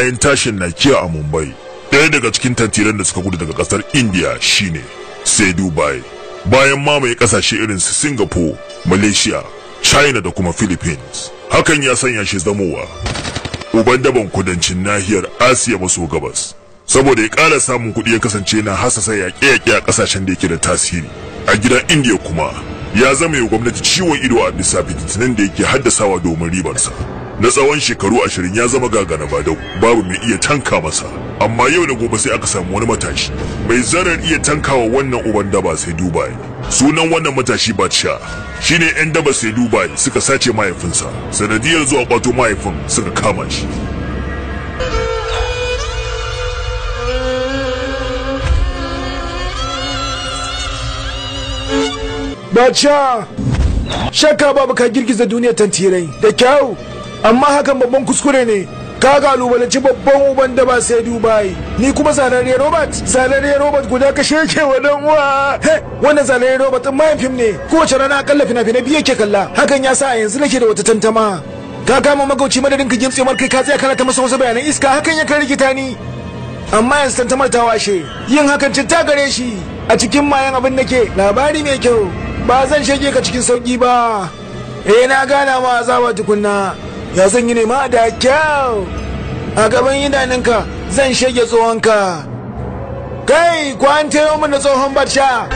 bayan tashin nakiya a mumbai ɗaya daga cikin tantiran da suka gudu daga ƙasar india shine sai dubai bayan mamaye ƙasashe irin su singapore malaysia china da kuma philippines hakan ya sanya shi zamowa uban daban kudancin nahiyar asiya maso gabas saboda ya ƙara samun kuɗi ya kasance na hasasa yaƙe-yaƙe a ƙasashen da yake da tasiri a gidan india kuma ya zama ya gwamnati ciwon ido a bisa fitinin da yake haddasawa domin ribarsa na tsawon shekaru ashirin ya zama gagana da babu mai iya tanka masa amma yau da gobe sai aka samu wani matashi mai zarar iya tankawa wannan uban daba sai dubai sunan wannan matashi batsha shine yan daba sai dubai suka sace mahaifinsa sanadiyar zuwa kwato mahaifin suka kama shi Bacha! Shakka babu ka girgiza duniya tantirai da kyau. amma hakan babban kuskure ne ka kalubalanci babban uban da ba sai dubai ni kuma zanariyar robert zanariyar robert guda ka sheke wa dan uwa wannan zanariyar robert din mayan ne kowace rana akalla fina-finai biyu ke kalla hakan ya sa a yanzu nake da wata tantama ka kama magauci madadin ka gimtse mar kai ka tsaya kana ta masa wasu bayanan iska hakan ya kai rikita ni amma yanzu tantamar ta washe yin hakan citta gare shi a cikin mayan abin nake labari mai kyau ba zan shege ka cikin sauki ba eh na gana ma azaba tukunna ya zan yi nema da kyau a gaban idanunka zan shege tsohonka kai kwanta yau mana tsohon barsha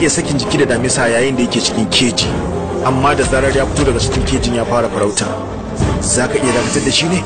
iya sakin jiki da damisa yayin da yake cikin keji amma da zarar ya fito daga cikin kejin ya fara farauta za ka iya dakatar da shi ne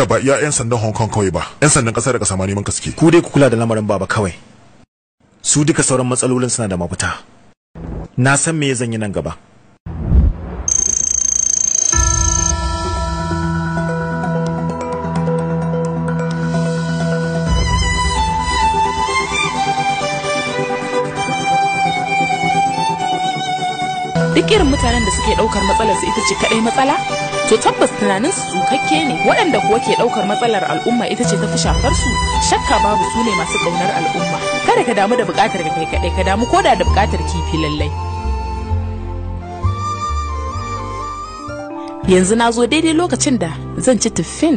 sha ba iya 'yan sandan Hong Kong kawai ba 'yan sandan ƙasa da ƙasa ma neman kaske ku dai ku kula da lamarin baba kawai su duka sauran matsalolin suna da mafita na san me zan yi nan gaba duk irin mutanen da suke ɗaukar matsalarsu ita ce kaɗai matsala to tabbas tunanin su tsukakke ne waɗanda kuwa ke ɗaukar matsalar al'umma ita ce tafi shafar su shakka babu su ne masu ƙaunar al'umma kada ka damu da buƙatar kai kaɗai ka damu koda da buƙatar kifi lallai yanzu na zo daidai lokacin da zan ci tuffin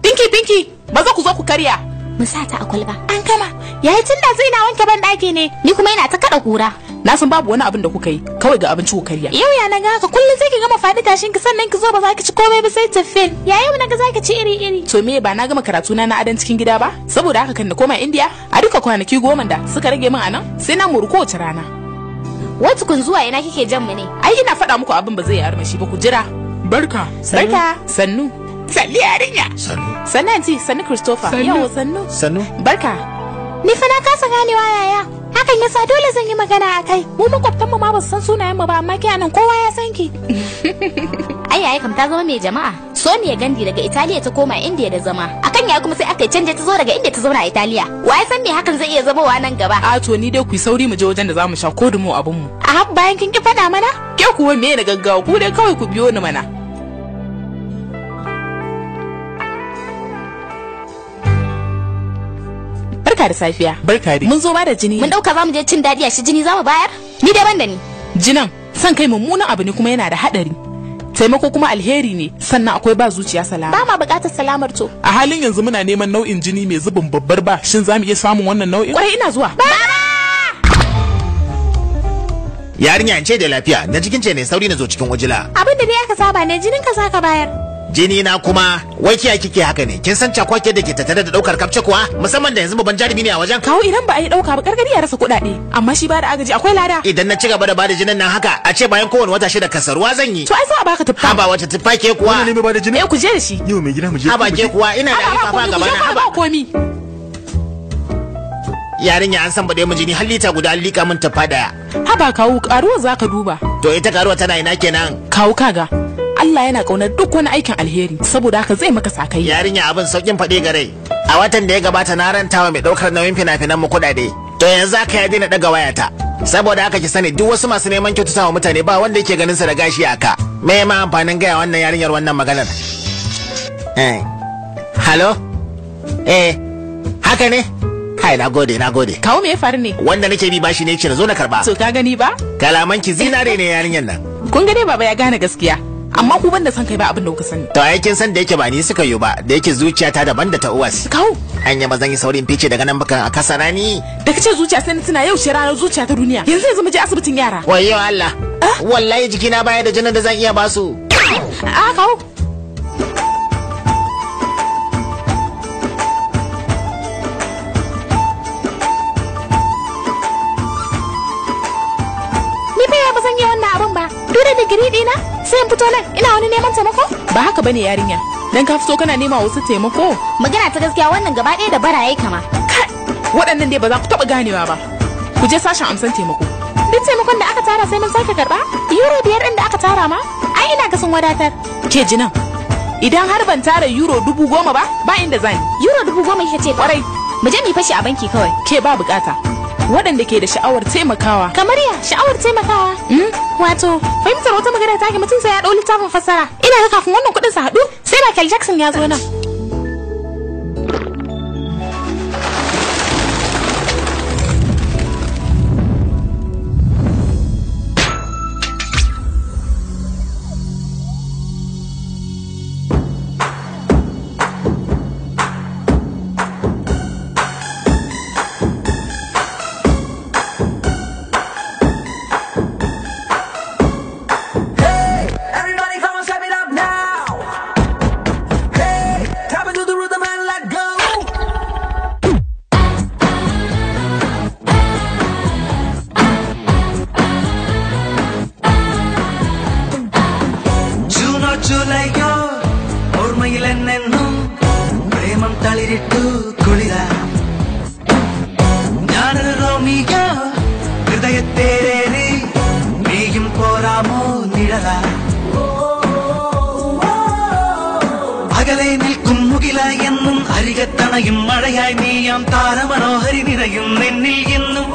binki binki ba za ku zo ku karya mun sa ta a kwalba an kama yayi tun zai na wanke ban ɗaki ne ni kuma ina ta kaɗa kura. na san babu wani abin da kuka yi kawai ga abinci ku karya yau ya naga haka kullum sai ki gama fadi tashin ki sannan ki zo ba za ki ci komai ba sai tafin ya yau naga za ki ci iri iri to me ba na gama karatu na na adan cikin gida ba saboda haka kan na koma indiya a duka kwanaki goma da suka rage min a nan sai na muru kowace rana wata kun zuwa ina kike jan mu ne ai ina faɗa muku abin ba zai yi armashi ba ku jira barka barka sannu salli yarinya sannu sannu sannu christopher yau sannu sannu barka ni fa na kasa ganewa yaya hakan yasa dole zan yi magana a kai mu makwabtan mu ma ba san sunayen mu ba amma ke nan kowa ya san ki ai kam ta zama mai jama'a So Sonia Gandi daga Italiya ta koma India da zama akan yayi kuma sai aka canje ta zo daga India ta zauna a Italiya wa ya san me hakan zai iya zama wa nan gaba a to ni dai ku sauri mu je wajen da zamu sha ko dumo abun mu a bayan kin ki fada mana ke kuwa me na gaggawa ku dai kawai ku biyo ni mana barka da safiya. Barka dai. Mun zo ba da jini. Mun dauka zamu je cin dadi a shi jini zamu bayar? Ni dai ban da ni. Jinan san kai mummunan abu ne kuma yana da haɗari. Taimako kuma alheri ne sannan akwai ba zuciya salama. Ba ma bukatar salamar to. A halin yanzu muna neman nau'in jini mai zubin babbar ba shin zamu iya samun wannan nau'in? Kwarai ina zuwa. Baba! Yarinya ce da lafiya na cikin ce ne sauri na zo cikin wajila. Abin da ne aka saba ne jinin ka zaka bayar. jini na kuma wai kiyaye kike haka ne kin san cakwake da ke tattare da daukar kafce kuwa musamman da yanzu babban jarumi ne a wajen kawo idan ba a yi dauka ba gargadi ya rasa kuɗaɗe amma shi ba da agaji akwai lada idan na ci gaba da bada jinin nan haka a ce bayan kowane wata shida kasaruwa zan yi to ai sai a baka tuffa ba wata tuffa ke kuwa ne mai bada jinin eh ku je da shi yau mai gida mu je ha ba ke kuwa ina da ba gaba na ba komi yarinya an san ba da mu jini har lita guda lika min tuffa daya ha ba kawo karuwa zaka duba to ita karuwa tana ina kenan kawo kaga Allah yana kaunar duk wani aikin alheri saboda haka zai maka sakayya yarinya abin saukin faɗi gare a watan da ya gabata na rantawa mai ɗaukar nauyin fina-finan mu kuɗaɗe to yanzu haka ya daina ɗaga wayata saboda haka ki sani duk wasu masu neman wa mutane ba wanda yake ganin sa da gashi a ka me ma amfanin gaya wannan yarinyar wannan maganar eh halo eh haka ne Kai na gode na gode. Kawo me ya faru ne? Wanda nake bi bashi ne ce na zo na karba. So ka gani ba? Kalaman ki zinare ne yarinyar nan. Kun ga baba ya gane gaskiya. amma ku banda san kai ba abin da kuka sani to ai kin san da yake ba ni suka yi ba da yake zuciyata daban da ta uwas kawo an yi mazan yi saurin fice daga nan bakan a kasa rani da kace zuciya sai tana yau ce ranar zuciya ta duniya yanzu yanzu mu je asibitin yara wayyo Allah ah? wallahi jikina baya da jinin da zan iya basu a kawo digiri dina? sai fito nan ina wani neman taimako ba haka bane yarinya dan ka fito kana nema wasu taimako magana ta gaskiya wannan gaba ɗaya da bara yayi kama waɗannan dai ba za ku taɓa ganewa ba ku je sashen amsan taimako duk taimakon da aka tara sai mun sake karɓa euro biyar ɗin da aka tara ma ai ina ga sun wadatar ke jinan idan har ban tara euro dubu goma ba ba inda zani euro dubu goma ita ce kwarai mu je mu fashi a banki kawai ke ba bukata waɗanda ke da sha'awar taimakawa. Kamar ya sha'awar taimakawa? Hmm? Wato, fahimtar wata magana ta ke mutum sai ya ɗau littafin fassara. Ina ga kafin wannan kuɗin su haɗu sai Michael Jackson ya zo nan. മനസ്സിലെന്നെന്നും പ്രേമം തളിരിട്ടു കുളിര ഞാനൊരു റോമിക ഹൃദയത്തേരേറി നീയും പോരാമോ നിഴല അകലെ നിൽക്കും മുകില എന്നും അരികത്തണയും മഴയായി നീയാം താരമനോഹരി നിറയും നിന്നിൽ എന്നും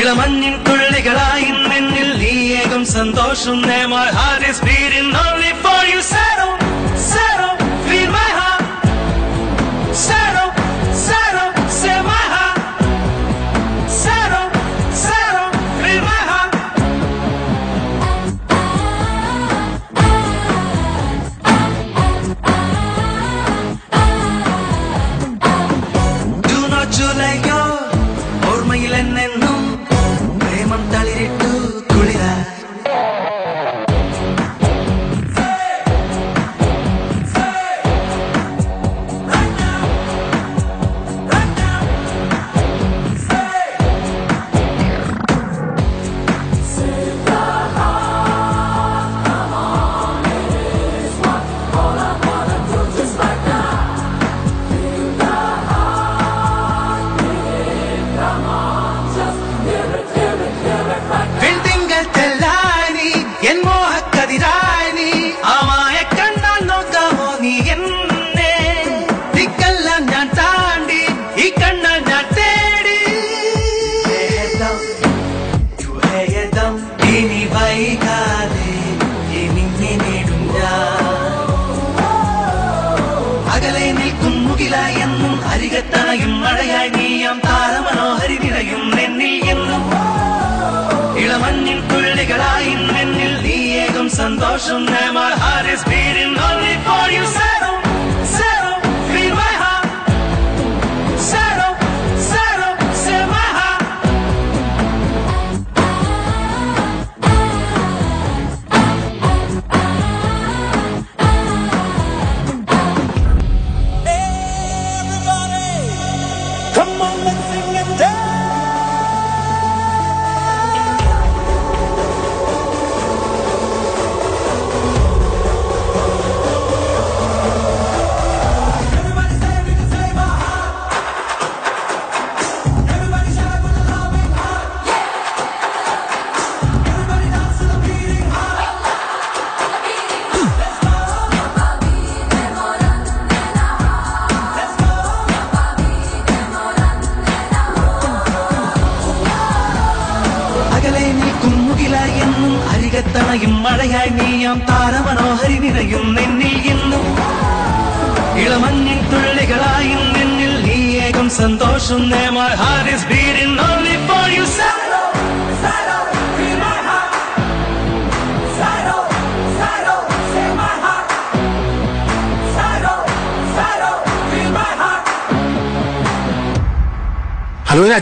ഇളമഞ്ഞിൻ തുള്ളികളായി നിന്നിൽ നീയേകും സന്തോഷം നേമാർ ഹാരിസ് ബീരിൻ only for you say emotion and my heart is beating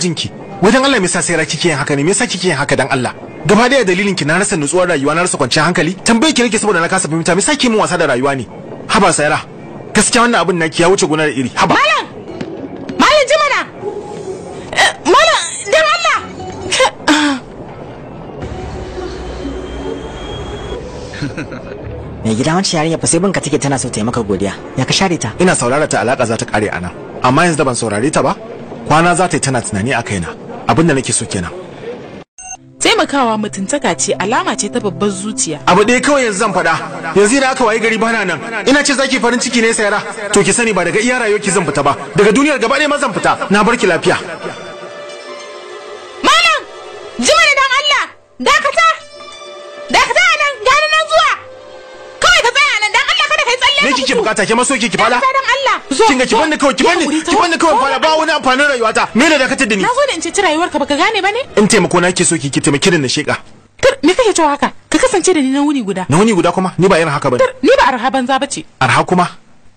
jin ki wajen Allah me yasa sai ra kike yin haka ne me yasa kike yin haka dan Allah gaba da dalilin ki na rasa nutsuwar rayuwa na rasa kwanciyar hankali tambaye ki nake saboda na kasa fahimta me yasa kike min wasa da rayuwa ne haba saira gaskiya wannan abin naki ya wuce gona da iri haba malam malam ji mana eh, malam dan Allah me gida wancan yarinya fa sai binka take tana so ta yi maka godiya ya ka share ta ina saurara ta alaka za ta kare ana amma yanzu da ban saurare ta ba kwana za ta yi tana tunani a kaina abin da nake so kenan taimakawa mutuntaka ce alama ce ta babbar zuciya abu ɗaya kawai yanzu zan faɗa yanzu da aka wayi gari bana nan ina ce zaki farin ciki ne sayara to ki sani ba daga iya rayuwa ki zan fita ba daga duniyar gaba ɗaya ma zan fita na bar ki lafiya malam jima da dan Allah ka me kike bukata ke maso kike Allah kin ga ki banni kawai ki banni ki banni kawai fara ba wani amfanin rayuwata me ne dakatar da ni nazo da in ceci rayuwarka baka gane bane in taimako na ke so ki taimaki taimake ni na sheka me kake cewa haka ka kasance da ni na wuni guda na wuni guda kuma ni ba irin haka bane ni ba arha banza bace arha kuma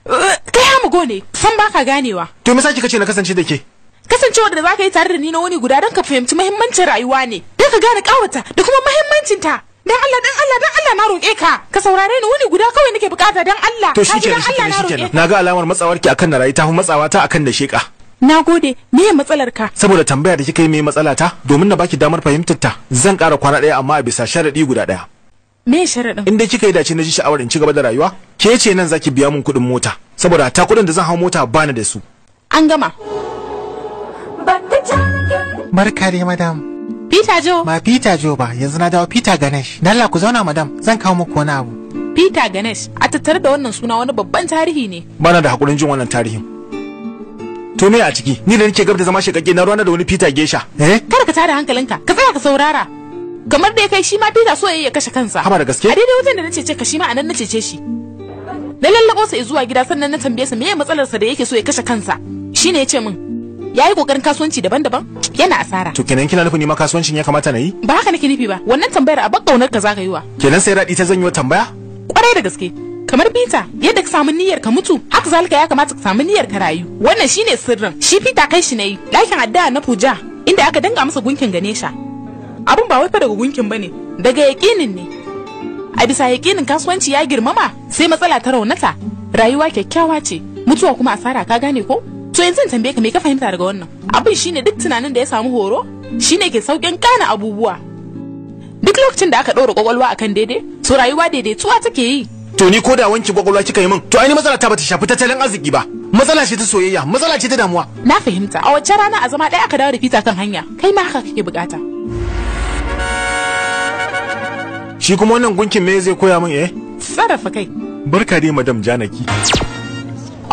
uh, kai ha mugo ne san baka ganewa to me sake kace na kasance da ke kasancewa da zaka yi tare da ni na wuni guda don ka fahimci muhimmancin rayuwa ne da ka gane kawata da kuma muhimmancinta dan Allah dan Allah dan Allah na roƙe ka ka saurare ni wuni guda kawai nake bukata dan Allah to shikenan shikenan shikenan naga alamar matsawar ki akan na rayu ta matsawa ta akan da sheka Na gode, matsalar ka? Saboda tambaya da kika yi me matsala ta, domin na baki damar fahimtar ta, zan kara kwana daya amma a bisa sharaɗi guda daya. Me sharaɗin? In dai kika yi dace na ji sha'awar in ci gaba da rayuwa, ke ce nan zaki biya min kuɗin mota, saboda ta kuɗin da zan hau mota bani da su. An gama. Barka dai madam. Peter Joe. Ba Peter Joe ba, yanzu na dawo Peter Ganesh. Dalla ku zauna madam, zan kawo muku wani abu. Peter Ganesh, a tattare da wannan suna wani babban tarihi ne. Bana da hakurin jin wannan tarihin. To me a ciki? Ni da nake gab da zama shekake na ruwana da wani Peter Gesha. Eh? Kar ka tada hankalinka, ka tsaya ka saurara. Kamar da kai shi ma Peter so ya kashe kansa. Haba da gaske? A daidai wajen da na cece ka shi ma anan na cece shi. Na lallabo sa zuwa gida sannan na tambaye sa me ya matsalarsa da yake so ya kashe kansa. shi ne ya ce min, yayi kokarin kasuwanci daban-daban yana asara to kenan kina nufin ma kasuwancin ya kamata na yi ba haka nake nufi ba wannan tambayar a bakkaunar ka zaka yi wa kenan sai radi ta zanyo tambaya kwarai da gaske kamar Peter yadda ka samu niyyar ka mutu haka zalika ya kamata ka samu niyyar ka rayu wannan shine sirrin shi Peter kai shi yi. Lakin addu'a na Puja inda aka danga masa gunkin Ganesha abun ba wai fa daga gunkin bane daga yakinin ne a bisa yakinin kasuwanci ya girmama sai matsala ta raunata rayuwa kyakkyawa ce mutuwa kuma asara ka gane ko to yanzu zan tambaye ka me ka fahimta daga wannan abin shine duk tunanin da ya samu horo shine ke saukin kana abubuwa duk lokacin da aka dora kwakwalwa akan daidai to rayuwa daidaituwa take yi to ni ko da wanki kwakwalwa kika yi min to aini matsala ta bata shafi tattalin arziki ba matsala ce ta soyayya matsala ce ta damuwa na fahimta a wacce rana a zama ɗaya aka dawo da fita kan hanya kai ma haka kake bukata shi kuma wannan gunkin me zai koya min eh sarrafa kai barka dai madam janaki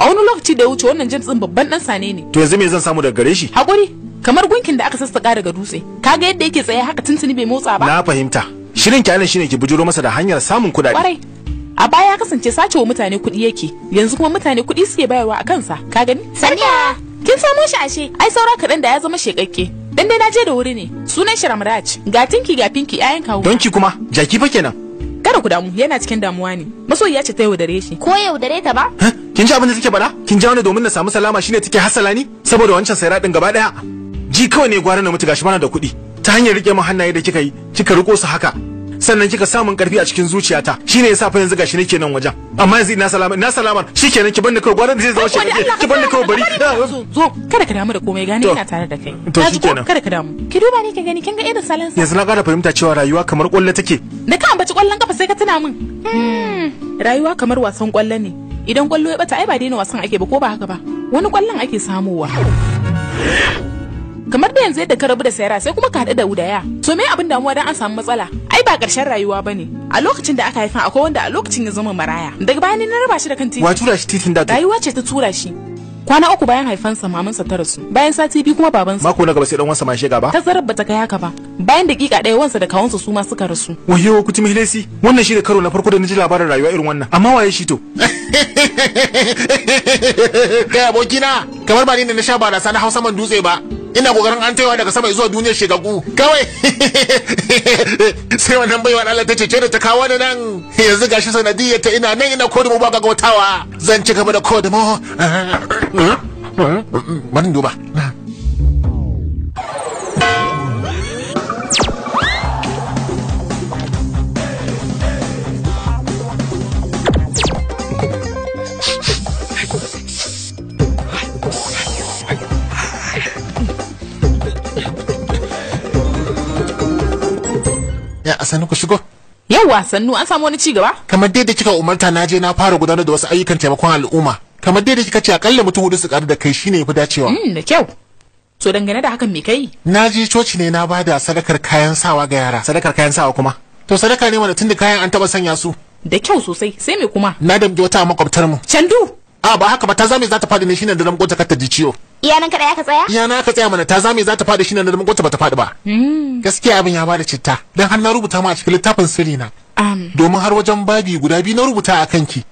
a wani lokaci da ya wuce wannan james din babban dan sane ne to yanzu me zan samu daga gare shi hakuri kamar gunkin da aka sassaka daga dutse kaga yadda yake tsaye haka tuntuni bai motsa ba na fahimta shirin kyalen shine ki bujuro masa da hanyar samun kudade. kwarai a baya ya kasance sace wa mutane kuɗi yake yanzu kuma mutane kuɗi suke bayarwa a kansa ka gani sanya kin samo shi ashe ai saura kaɗan da ya zama shekakke dan dai na je da wuri ne sunan shi ramraj ga tinki ga pinki 'ya'yan kawo donki kuma jaki fa kenan Kada ku damu yana cikin damuwa ne. Masoyiya ce ta yaudare shi. Ko yaudare ta ba? Kin ji abin da take bada Kin ji wani domin na samu salama shine take hasala ni saboda wancan sai radin gaba daya. Ji kawai ne gwara na mutu gashi bana da kuɗi. Ta hanyar rike mu hannaye da kika yi, kika riko su haka. sannan kika samun karfi a cikin zuciyata shine yasa fa yanzu gashi nake nan wajen amma yanzu ina salama ina salama shikenan ki banni kawai gwanan da zai zo shi ki banni kawai bari zo kada ka damu da komai gani ina tare da kai to shikenan kada ka damu ki duba ni ka gani kin ga irin salansa yanzu na kara fahimta cewa rayuwa kamar kwallo take da ka ambaci kwallon kafa sai ka tuna min hmm. rayuwa kamar wasan kwallo ne idan kwallo ya bata ai ba daina wasan ake ba ko ba haka ba wani kwallon ake samowa kamar da yanzu yadda ka rabu da sayara sai kuma ka haɗu da wudaya to me abin damuwa dan an samu matsala ai ba ƙarshen rayuwa ba ne a lokacin da aka haifa akwai wanda a lokacin ya zama maraya daga baya ne na raba shi da kan titi wa tura shi titin da rayuwa ce ta tura shi kwana uku bayan haifansa mamansa ta rasu bayan sati biyu kuma babansa mako na gaba sai dan wansa ma shega ba tazarar bata kai haka ba bayan dakika ɗaya wansa da kawansa su ma suka rasu wayo ku ci mihlesi wannan shi da karo na farko da naji labarin rayuwa irin wannan amma waye shi to kai abokina kamar ba ni da na sha barasa na hausa man dutse ba ina kokarin an taiwa daga sama zuwa duniyar shekaku kawai sai wannan baiwa Allah ta cece da ta kawo da nan yanzu gashi sanadiyar ta ina nan ina kodumo ba gautawa zan ci gaba da kodumo bari duba ya a sanu ku shigo yawa sannu an samu wani ci gaba kamar dai da kika umarta na je na fara gudanar da wasu ayyukan taimakon al'umma kamar dai da kika ce akalla mutum hudu su karu da kai shine yafi dacewa mm da kyau to dangane da hakan me kai na je coci ne na bada sadakar kayan sawa ga yara sadakar kayan sawa kuma to sadaka ne wanda tunda kayan an taba sanya su da kyau sosai sai me kuma na damje wata makwabtar mu candu a ba haka ba ta zame za ta fadi ne shine da ramko ta ciwo iyanan kada ya ka tsaya iyana ka tsaya mana ta zame za ta fada shi nan da makwata bata fadi ba hmm. gaskiya abin ya bada citta don har na rubuta ma a cikin littafin sirri na um. domin har wajen babi guda biyu na rubuta a kanki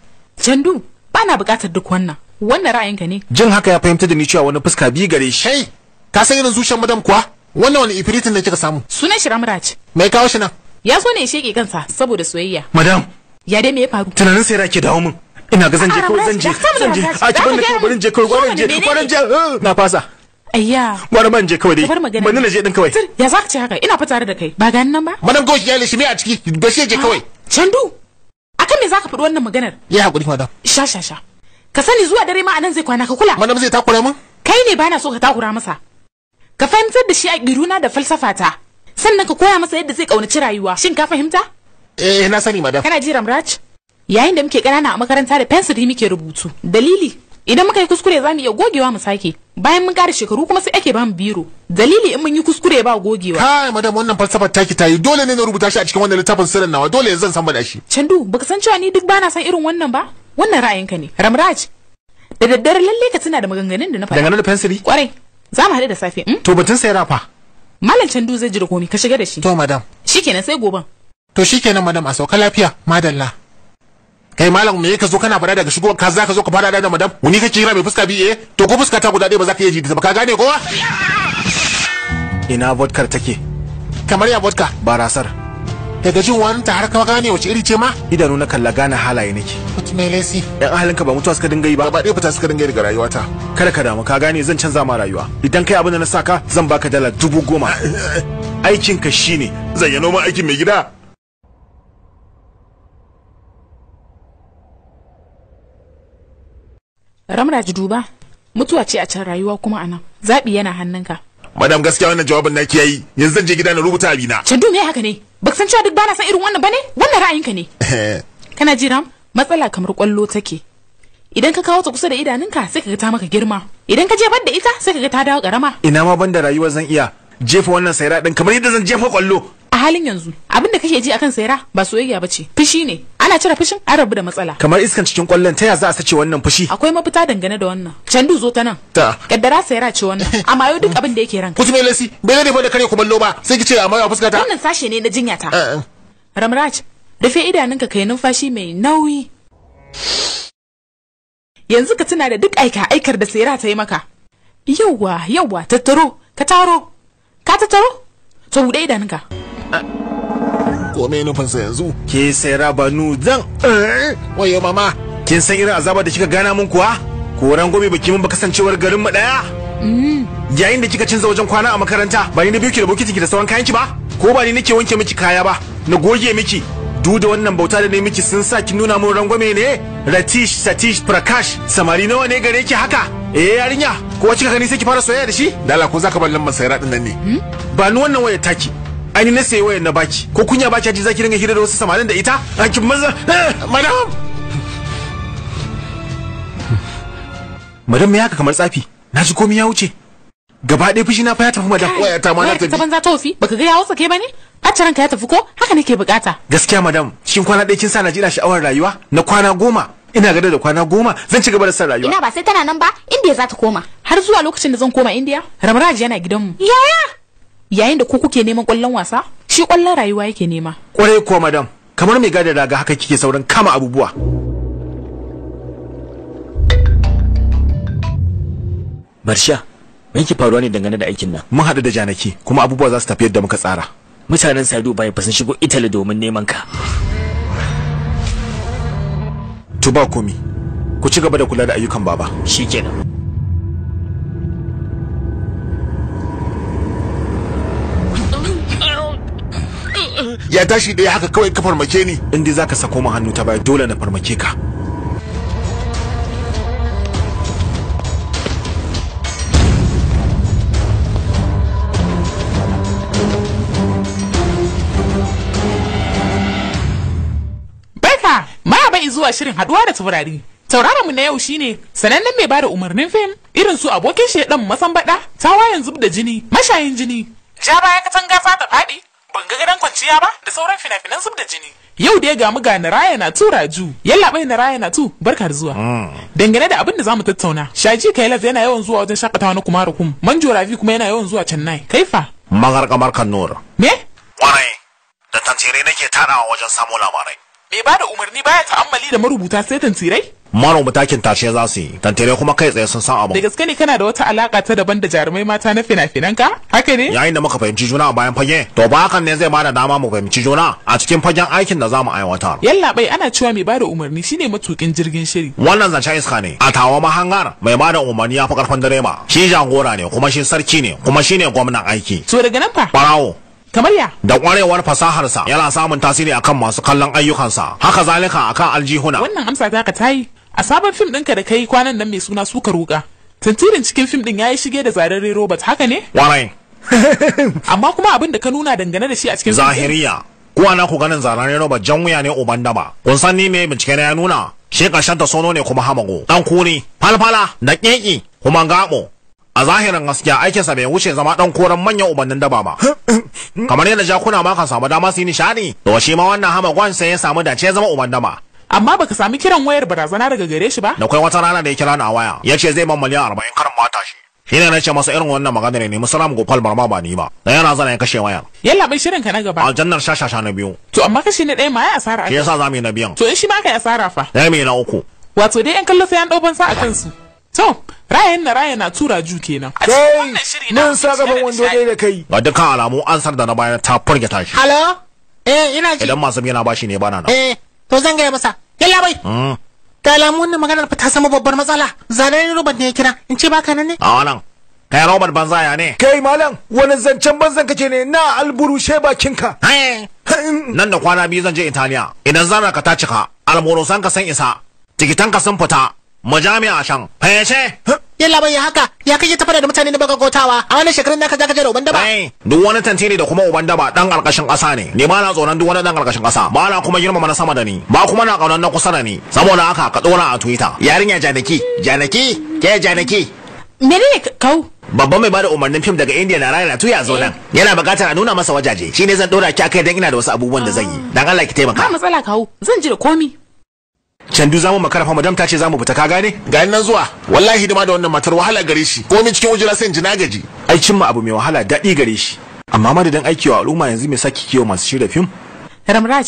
jandu na buƙatar duk wannan wannan ra'ayinka ne jin haka ya fahimta da ni cewa wani fuska biyu gare shi ka san irin zuciyar madam kuwa wannan wani ifiritin da kika samu sunan shi ramraj mai kawo shi nan ya so ne shege kansa saboda soyayya madam ya dai me ya faru tunanin sai ra ke dawo min ina ga zan je ko zan je zan je a ki bane kawai je kawai gwaran je gwaran je eh, na fasa ayya gwaran man je kawai dai bani na je din kawai ya zaka ce haka ina fata da kai ba ga nan ba madam goshi ya lishi me a ciki ba shi je ah, kawai candu akan me zaka faɗi wannan maganar ya hakuri madam sha sha sha ka sani zuwa dare ma anan zai kwana ka kula madam zai takura min kai ne bana so ka takura masa ka fahimtar da shi a ƙiruna da falsafata sannan ka koya masa yadda zai ƙaunaci rayuwa shin ka fahimta eh na sani madam kana ji ramraj yayin da muke ƙanana a makaranta da fensiri muke rubutu dalili idan muka yi kuskure za mu iya gogewa mu sake bayan mun ƙara shekaru kuma sai ake bamu biro dalili in mun yi kuskure ba gogewa kai madam wannan falsafar taki tayi dole ne na rubuta shi a cikin wannan littafin sirrin nawa dole zan san bada shi chandu baka san cewa ni duk bana san irin wannan ba wannan ra'ayinka ne ramraj da daddare lalle ka tuna da maganganun da na faɗa dangane da fensiri kwarai za mu haɗu da safe hmm? to batun sai rafa malam chandu zai ji da komi ka shiga da shi to madam shikenan sai goben to shikenan madam a sauka lafiya madalla kai malam me ka zo kana fada daga shugaban ka za ka zo ka fada da madam wani kake kira mai fuska biye to ko fuska ta guda ɗaya ba za ka yi ji ba ka gane kowa ina vodkar take kamar ya vodka barasar daga jin wani ta har ka gane wace iri ce ma idanu na kalla gane halaye nake wata mai laifi yan ahalinka ba mutuwa suka dinga yi ba ba dai fita suka dinga yi daga rayuwata kada ka damu ka gane zan canza ma rayuwa idan kai abin da na saka zan baka dala dubu goma aikinka shine zayyano ma aikin mai gida ramra ji duba mutuwa ce a can rayuwa kuma a nan zaɓi yana hannunka madam gaskiya wannan jawabin na kiyayi yanzu zan je gida na rubuta abina chandu me haka ne baka san cewa duk bana san irin wannan bane wannan ra'ayinka ne kana ji ram matsala kamar kwallo take idan ka kawo ta kusa da idanunka sai kaga ta maka girma idan ka jefar da ita sai ka kaga ta dawo karama ina ma banda rayuwa zan iya jefa wannan saira din kamar yadda zan jefa kwallo a halin yanzu abinda kake ji akan saira ba soyayya ba ce fushi ne ana cire fushin an rabu da matsala kamar iskan cikin kwallon ta ya za a sace wannan fushi akwai mafita dangane da wannan candu zo ta nan ta kaddara sai ra ce wannan amma yau duk abin da yake ranka kusume lesi bai zai fa da kare kumallo ba sai ki ce amma ya fuskata wannan sashe ne na jinya ta eh, eh. ramraj rufe idanunka kai numfashi mai nauyi yanzu ka tuna da duk aika aikar da sera ta yi maka yauwa yauwa tattaro ka taro ka tattaro to buɗe idanunka eh. kome nufinsa yanzu ke sai rabanu zan eh? wayo mama kin san irin azaba da kika gana mun kuwa ran gobe baki mun ba kasancewar garin mu daya mm. yayin da kika canza wajen kwana a makaranta ba ni na biyu ki da bokiti ki da sawan kayan ki ba ko ba ni nake wanke miki kaya ba na goge miki duda da wannan bauta da ne miki sun sa ki nuna mun rangwame ne ratish satish prakash samari nawa ne gare ki haka eh yarinya ko kika gani sai ki fara soyayya da shi dala ko zaka bar lambar sayar din nan ne hmm? ba ni wannan waya taki ani na sayi wayar na baki ko kunya baki ta zaki dinga hira da wasu samanin da ita hakin maza eh, madam madam me haka kamar tsafi na ji komai ya wuce gaba ɗaya fushi na fa ya tafi madam waya ta ma na tafi ta banza tofi baka ga ya hausa ke bane bacci ranka ya tafi ko haka nake bukata gaskiya madam shin kwana ɗaya kin sa na jira sha'awar rayuwa na kwana goma ina gada da kwana goma zan ci gaba da san rayuwa ina ba sai tana nan ba indiya za ta koma har zuwa lokacin da zan koma indiya ramraji yana gidanmu yaya yayin da ku kuke neman kwallon wasa shi kwallon rayuwa yake nema kwarai ko madam kamar mai gada daga haka kike sauran kama abubuwa Barsha, mai yake faruwa ne dangane da aikin nan? Mun haɗu da janaki kuma abubuwa za su tafi yadda muka tsara. Mutanen Sadu bai fa shigo Italy domin neman ka. Tuba komi. Ku ci gaba da kula da ayyukan baba. Shikenan. ya tashi da ya haka kawai ka farmake ni in dai zaka sako min hannu ta baya dole na farmake ka Barka, maraba zuwa shirin haduwa da taurari. Tauraron mu na yau shine sanannen mai bada umarnin fim irin su abokin shedan masan bada, tawayen zub da jini, mashayin jini. Ja baya katanga fata fadi. ban ga gadon kwanciya ba da sauran fina-finan zub da jini. Yau da ya gamu ga Naraya na tu Raju, yalla bai Naraya na tu barka da zuwa. Hmm. Dangane da abin da zamu tattauna, Shaji Kailas yana yawan zuwa wajen shakatawa na kuma Kum, Manjo Rafi kuma yana yawan zuwa Chennai. Kaifa? Magar kamar Kannur. Me? Kwarai, da tantirai nake tarawa wajen samo labarai. Me ba da umarni baya ta'ammali da marubuta sai tantirai? maron mutakin tashe za su yi tantere kuma kai tsaye sun san abu. da gaske ne kana da wata alaka ta daban da jarumai mata na fina-finan ka haka ne yayin da muka fahimci juna a bayan fage to ba hakan ne zai ba da dama mu fahimci juna a cikin fagen aikin da zamu aiwatar yalla bai ana cewa mai bada umarni shine matukin jirgin shiri wannan zancen iska ne a tawa mahangar mai bada umarni ya fi karfin direba shi jagora ne kuma shi sarki ne kuma shine gwamnan aiki To daga nan fa barawo kamar ya da ƙwarewar fasaharsa yana samun tasiri akan masu kallon ayyukansa haka zalika akan aljihuna wannan amsa ta ka tayi a sabon fim ɗinka da kai kwanan nan mai suna suka roƙa tantirin cikin fim ɗin ya yi shige da zararren robert haka ne wanayin amma kuma abin da ka nuna dangane da shi a cikin zahiriya ko ana ku ganin zararren robert jan wuya ne uban daba kun san ni mai bincike na ya nuna shi ƙarshen ta sono ne kuma hamago dan kuni falfala da ƙeƙi kuma gaɓo a zahirin gaskiya sa bai wuce zama dan koran manyan ubannin daba ba kamar yadda jakuna ma kan samu dama su yi nishadi to shi ma wannan hamagon sai ya samu dace zama uban daba amma baka sami kiran wayar barazana daga gare shi ba da kai wata rana da ya kira ni a waya ya ce zai ma miliyan arba'in karin mata shi ne na ce masa irin wannan magana ne nemi salam gopal barma ba ni ba da yana zana ya kashe wayar yalla bai shirin ka na gaba aljannar shashasha na biyu to amma kashi na ɗaya ma ya asara shi yasa zamu yi na biyan to in shi ma kai asara fa ya mai na uku wato dai yan kallo sai an ɗau sa a kansu to rayan na rayan na tura ju kenan kai mun sa gaban wando dai da kai ga dukkan alamu ansar da na bayar ta furgita shi ala eh ina ji idan masu bashi ne bana na eh to zan gaya masa yalla bai ah. alamu wannan maganar fa ta zama babbar matsala zanen robert ne ya kira in ce baka nan ne a wannan kai robert banza ya ne kai malam wani zancen banzan kace ne na alburushe bakinka nan da kwana biyu zan je italiya idan zana ka ta cika almorosan ka san isa tikitan ka sun fita majami'a shan fayyace yin labai ya haka ya kake ta da mutane na baka gotawa a wannan shekarun naka zaka je da uban daba duk wani tantini da kuma uban daba dan alƙashin kasa ne ni ba na tsoron duk wani dan alƙashin kasa ba na kuma girmama na sama da ni ba kuma na kaunar na kusa da ni saboda haka ka dora a twitter yarinya janaki janaki ke janaki menene kau babban mai bada umarnin fim daga india na rana tuya zo nan eh. yana bukatar a nuna masa wajaje shine zan dora ki akai dan ina da wasu abubuwan da zan yi dan Allah ki taimaka ba matsala kawo zan ji da komi candu zamu makara fa madam ta ce zamu fita ka gane ga nan zuwa wallahi hidima da wannan matar wahala gare shi komai cikin ujira sai ji na gaji ai cimma abu mai wahala daɗi gare shi amma madadin aiki wa al'umma yanzu mai saki kiyo masu shirya fim ramraj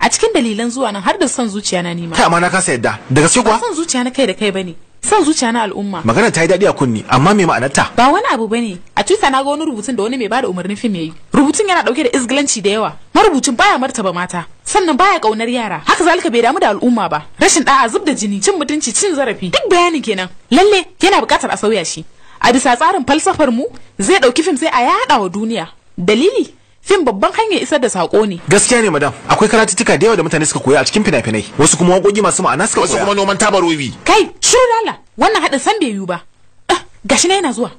a cikin dalilan zuwa nan har da son zuciya na nima kai amma na kasa yadda da gaske kuwa son zuciya na kai da kai bane son zuciya na al'umma magana ta yi daɗi a kunni amma me ma'anarta ba wani abu bane a tuta na ga wani rubutun da wani mai bada umarnin fim yayi rubutun yana dauke da isgilanci da yawa marubucin baya martaba mata sannan baya kaunar yara haka zalika bai damu da al'umma ba rashin da'a zub da jini cin mutunci cin zarafi duk bayanin kenan lalle yana bukatar a sauya shi a bisa tsarin falsafar mu zai ɗauki fim sai a yaɗa wa duniya dalili fim babban hanyar isar da sako ne gaskiya ne madam akwai karatuttuka da yawa da mutane suka koya a cikin fina-finai wasu kuma waƙoƙi masu ma'ana suka wasu kuma noman tabarobi kai shiru lala wannan haɗin san bai yiwu ba ah, gashi na yana zuwa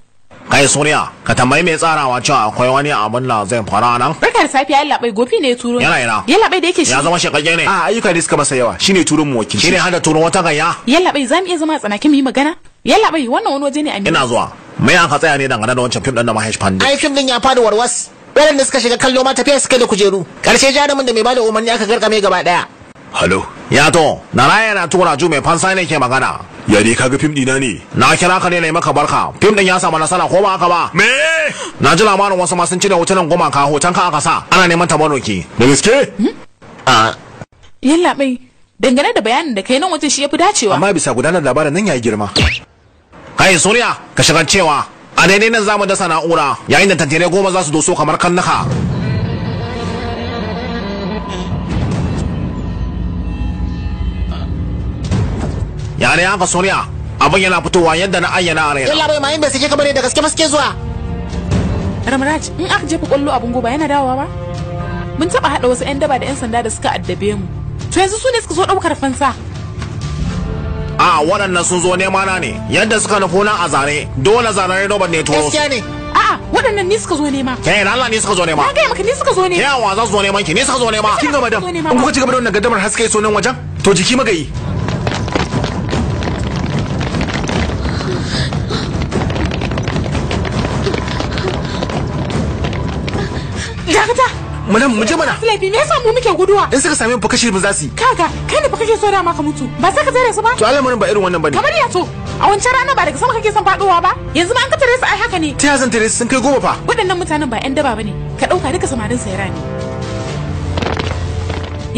kai suriya ka tambayi mai tsarawa cewa akwai wani abin da zai fara nan barkar safiya ya labai gofi ne turo yana yana ya labai da yake shi ya zama shekage ne a ayyuka ne suka masa yawa shine turon mu wakilci shine hada turon wata gayya ya labai za mu iya zama tsanaki mu yi magana ya labai wannan wani waje ne a ina zuwa mai an ka tsaya ne dangane da wancan fim din da mahesh pandey ai fim din ya fadi warwas Wadanda suka shiga kallo ma tafiya suka da kujeru Karshe jarumin da mai bada umarni aka garkame gaba daya Halo. to, na raya na tura ju mai fansa ne ke magana. Ya ka ga fim dina ne. Na kira ka ne na maka barka. Fim din ya samu nasara ko ba aka ba? Me? Na ji labarin wasu ma sun cire hotunan goma ka hoton ka aka sa. Ana neman ta manoki. Da gaske? Hmm? A. Yalla bai. Dangane da bayanin da kai nan wata shi ya fi dacewa. Amma bisa gudanar labarin nan ya yi girma. Kai surya. ka shigar cewa a daidai nan zamu dasa na'ura yayin da tantere goma za su doso kamar kannaka. yare ya fa soriya abin yana fitowa yadda na ayyana a raina yalla bai mayin bai sike ka bane da gaske suke zuwa ramraj in aka jefa kwallo abin goba yana dawowa ba mun taba hada wasu yan daba da yan sanda da suka addabe mu to yanzu su ne suka zo daukar fansa a waɗannan sun zo nema na ne yadda suka nufo na a zare dole zarare roban ne turo gaskiya ne a'a waɗannan ni suka zo nema kai na Allah ni suka zo nema ka ga maka ni suka zo ne ya wa za su zo neman ki ni suka zo nema kin ga madam in kuka ci gaba da wannan gaddamar haske sonan wajen to jiki magayi dakata madam mu je mana laifi me yasa mu muke guduwa in suka same mu fa kashe mu za su yi kaga kai ne fa kake so da ma ka mutu ba sai ka tsare su ba to al'amarin ba irin wannan bane kamar ya to a wancan rana ba daga sama kake son faduwa ba yanzu ma an ka tare su ai haka ne ta yazan tare su sun kai goma fa waɗannan mutanen ba 'yan daba bane ka dauka duka samarin sayara ne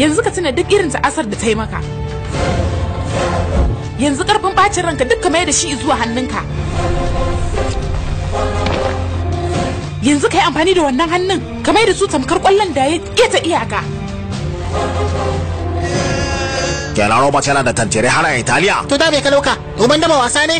yanzu ka tuna duk irin asar da ta yi maka yanzu karfin bacin ranka duk ka mai da shi zuwa hannunka yanzu ka yi amfani da wannan hannun ka mai da su tamkar kwallon da ya keta iyaka Kena robert yana da tantere hana italiya to da bai ka lauka ban dama wasa ne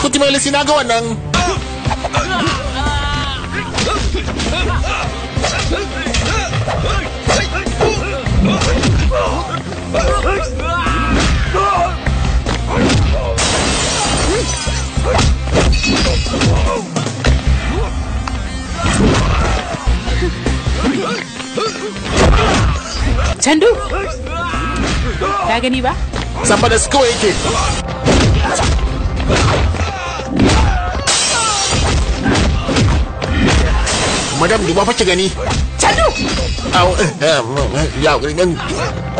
Kuti mai lisi na ga wannan Chandu! Ta gani ba? Samba da su kawai yake. Madam duba fa ki gani. Chandu! Au, eh, eh, ya, eh,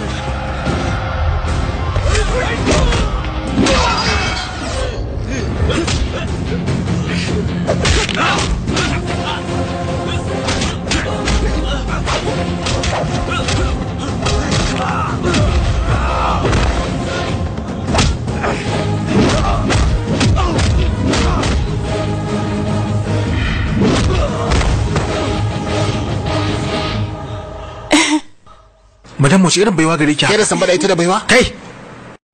madam wace irin baiwa gare ki kai da san bada ita da baiwa kai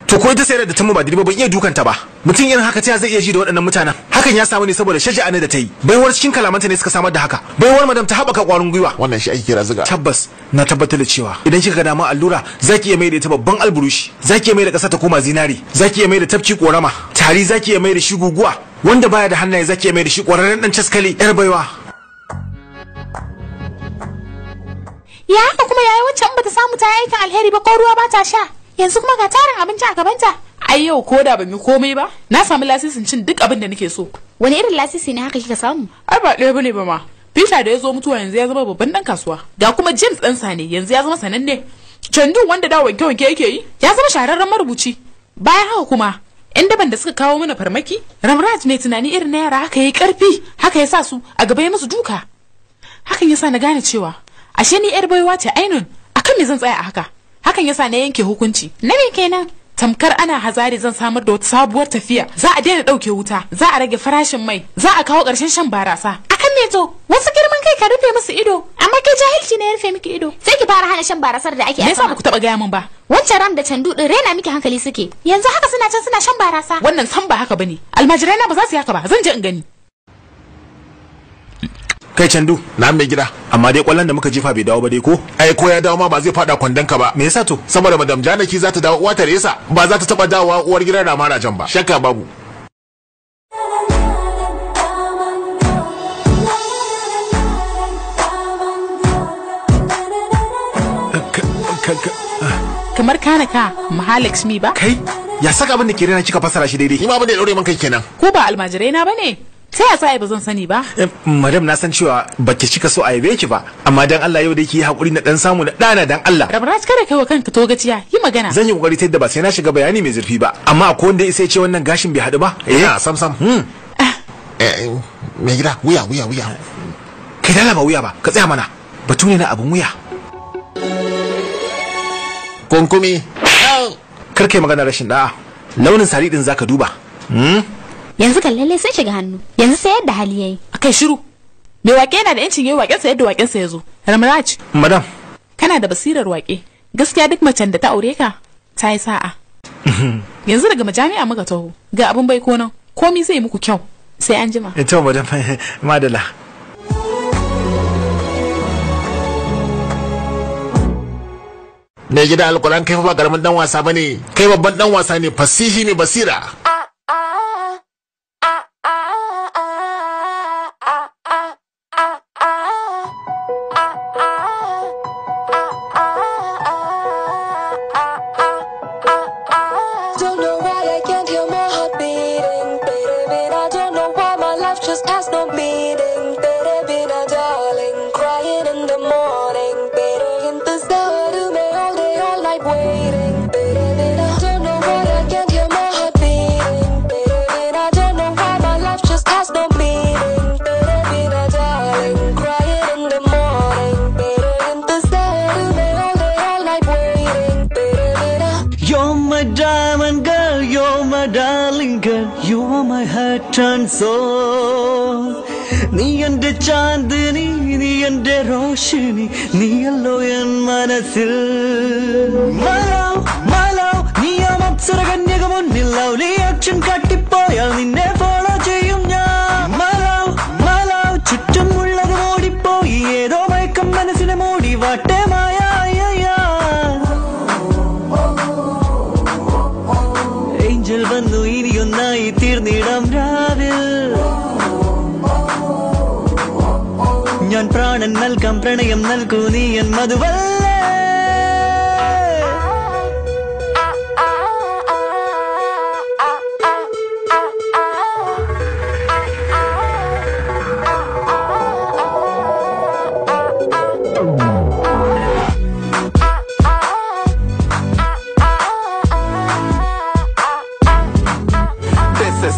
to ko ita sai da ta mu ba direba ban iya dukanta ba mutum irin haka ta zai iya ji da waɗannan mutanen hakan ya samu ne saboda shaja'a ne da ta yi baiwar cikin kalamanta ne suka samar da haka baiwar madam ta haɓaka ƙwarin gwiwa wannan shi ake kira ziga tabbas na tabbatar da cewa idan kika ga dama allura zaki iya mai da ita babban alburushi zaki iya mai da ƙasa ta koma zinari zaki iya mai da tafki ƙorama tari zaki iya mai da shi guguwa wanda baya da hannaye zaki iya mai da shi ƙwararren dan caskali yar baiwa ya haka kuma yaya waccan bata samu ta aikin alheri ba ko ruwa ba ta sha yanzu kuma ga tarin abinci a gabanta ai yau ko da ban yi komai ba na samu lasisin cin duk abin da nake so wani irin lasisi ne haka kika samu ai ba ɗaya bane ba ma Peter da ya zo mutuwa yanzu ya zama babban dan kasuwa ga kuma James dan sane yanzu ya zama sananne Chandu wanda da wanke wanke yake yi ya zama shahararren marubuci bayan haka kuma yan daban da suka kawo mana farmaki Ramraj ne tunani irin na yara haka yi karfi haka ya sa su a gaba ya musu duka hakan yasa na gane cewa ashe ni yar baiwa ce ainun akan me zan tsaya a haka hakan yasa na yanke hukunci na me kenan tamkar ana hazari zan samar da wata sabuwar tafiya za a daina ɗauke wuta za a rage farashin mai za a kawo ƙarshen shan barasa akan me to wasu girman kai ka rufe musu ido amma kai jahilci ne ya rufe miki ido sai ki fara hana shan barasar da ake yasa ba ku taɓa gaya min ba wancan ram da candu din rena miki hankali suke yanzu haka suna can suna shan barasa wannan san ba haka bane almajirai na ba za su yi haka ba zan je in gani kai candu na mai gida amma dai kwallon da muka jefa bai dawo ba dai ko ai ko ya dawo ma ba zai fada kwandon ka ba me yasa to saboda madam janaki za ta dawo uwa ta resa ba za ta taba dawowa uwar gidan rama rajan ba shakka babu kamar kana ka mahalix mi ba kai ya saka abin da ke rina kika fassara shi daidai ni ma abin da ya daure man kai kenan ko ba almajirai na ne. sai a sa ba zan sani ba eh, madam na san cewa baki cika so a yabe ki ba amma dan Allah yau da ki yi hakuri na dan samu na dana dan Allah rabra kare kai wa kanka to gaciya yi magana zan yi kokari ta yadda ba sai na shiga bayani mai zurfi ba amma kowanne wanda ya ce wannan gashin bai hadu ba eh sam sam hmm. ah. eh, eh, mai gida wuya wuya wuya kai dala ba wuya ba ka tsaya mana batu ne na abun wuya kunkumi kar kai magana rashin da'a launin sari din zaka duba hmm. yanzu kan lallai sun shiga hannu yanzu sai yadda hali yayi akai shiru mai wake yana da yancin yayi waken sa yadda waken sa yazo ramraj madam kana da basirar wake gaskiya duk macen da ta aure ka ta yi sa'a yanzu daga majami'a muka taho ga abin bai ko nan komi zai muku kyau sai an jima ita eh, madam madala mai gida alkulan kai fa ba ƙaramin dan wasa bane kai babban ɗan wasa ne fasihi ne basira ചാൻസോ നീ എന്റെ ചാന്ദിനി നീ എന്റെ റോഷിനി നീയല്ലോ എൻ മനസ്സിൽ മാലാവ് മാലാവ് നീ ആ മത്സര കന്യകമുന്നിൽ ലൗലി ആക്ഷൻ കാട്ടിപ്പോയാൽ നിന്നെ This is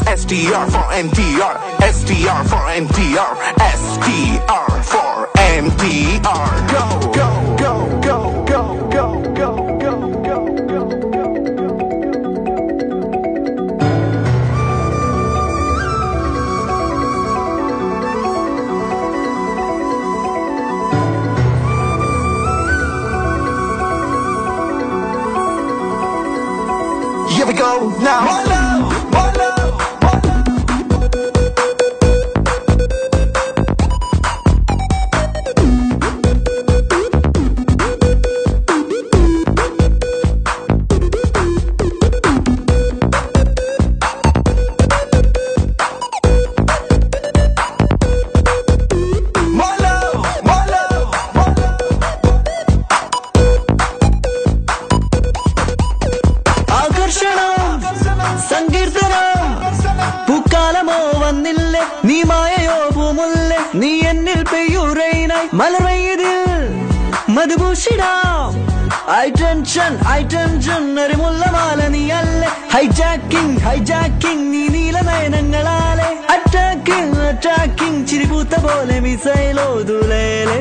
SDR for NTR, SDR for NTR, tension high tension ഒരു മുല്ലമാല നീയല്ലേ ഹൈജാക്കിംഗ് ഹൈജാക്കിംഗ് നീ നീല നയനങ്ങളാലെ അറ്റാക്കിംഗ് അറ്റാക്കിംഗ് ചിരിപൂത്ത പോലെ മിസൈലോ ദുലേലേ